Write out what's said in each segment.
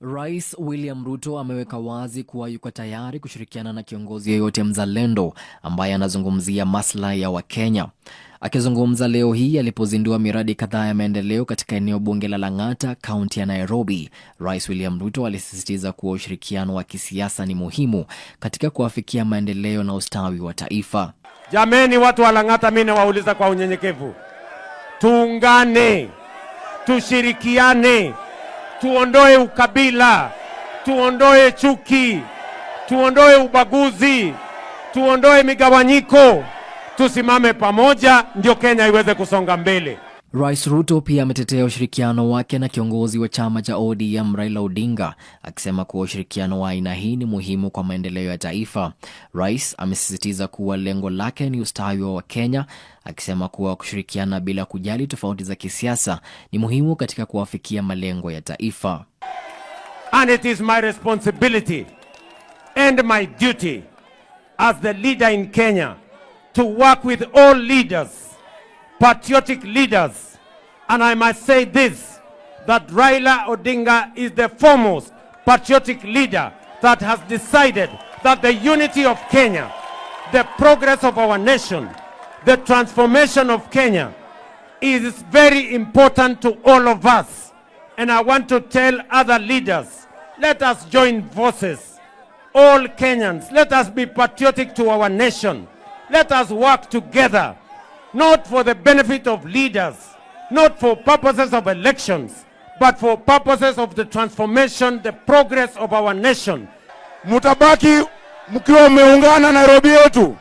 Rais William Ruto ameweka wazi kuwa yuko tayari kushirikiana na kiongozi yeyote mzalendo ambaye anazungumzia maslahi ya Wakenya. Akizungumza leo hii alipozindua miradi kadhaa ya maendeleo katika eneo bunge la Lang'ata, kaunti ya Nairobi, Rais William Ruto alisisitiza kuwa ushirikiano wa kisiasa ni muhimu katika kuafikia maendeleo na ustawi wa taifa. Jameni, watu wa Lang'ata, mimi nawauliza kwa unyenyekevu, tuungane, tushirikiane tuondoe ukabila, tuondoe chuki, tuondoe ubaguzi, tuondoe migawanyiko, tusimame pamoja, ndio Kenya iweze kusonga mbele. Rais Ruto pia ametetea ushirikiano wake na kiongozi wa chama cha ODM Raila Odinga, akisema kuwa ushirikiano wa aina hii ni muhimu kwa maendeleo ya taifa. Rais amesisitiza kuwa lengo lake ni ustawi wa Wakenya, akisema kuwa kushirikiana bila kujali tofauti za kisiasa ni muhimu katika kuwafikia malengo ya taifa. And it is my responsibility and my duty as the leader in Kenya to work with all leaders patriotic leaders. And I must say this, that Raila Odinga is the foremost patriotic leader that has decided that the unity of Kenya, the progress of our nation, the transformation of Kenya is very important to all of us. And I want to tell other leaders, let us join forces. All Kenyans, let us be patriotic to our nation. Let us work together not for the benefit of leaders, not for purposes of elections, but for purposes of the transformation, the progress of our nation. Mutabaki mkiwa mmeungana Nairobi yetu,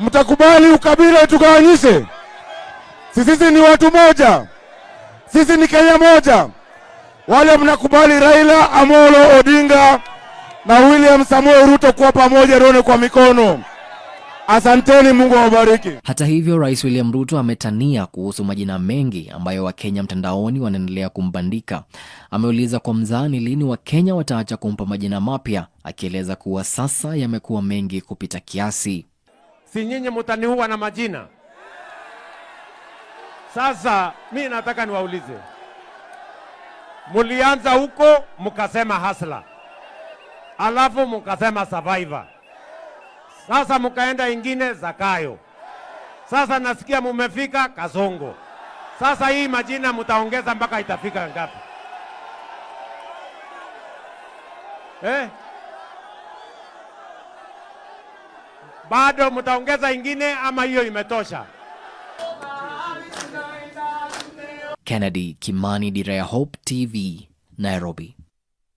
mtakubali ukabila utugawanyishe? Sisi ni watu moja, sisi ni Kenya moja. Wale mnakubali Raila Amolo Odinga na William Samoei Ruto kuwa pamoja, rone kwa mikono. Asanteni, Mungu awabariki. Hata hivyo, Rais William Ruto ametania kuhusu majina mengi ambayo Wakenya mtandaoni wanaendelea kumbandika. Ameuliza kwa mzani lini Wakenya wataacha kumpa majina mapya, akieleza kuwa sasa yamekuwa mengi kupita kiasi. Si nyinyi mutaniua na majina. Sasa mi nataka niwaulize, mulianza huko mukasema hasla, alafu mukasema survivor sasa mukaenda ingine Zakayo. Sasa nasikia mumefika kazongo Sasa hii majina mutaongeza mpaka itafika ngapi? Eh? Bado mutaongeza ingine ama hiyo imetosha? Kennedy Kimani, Dira ya Hope TV, Nairobi.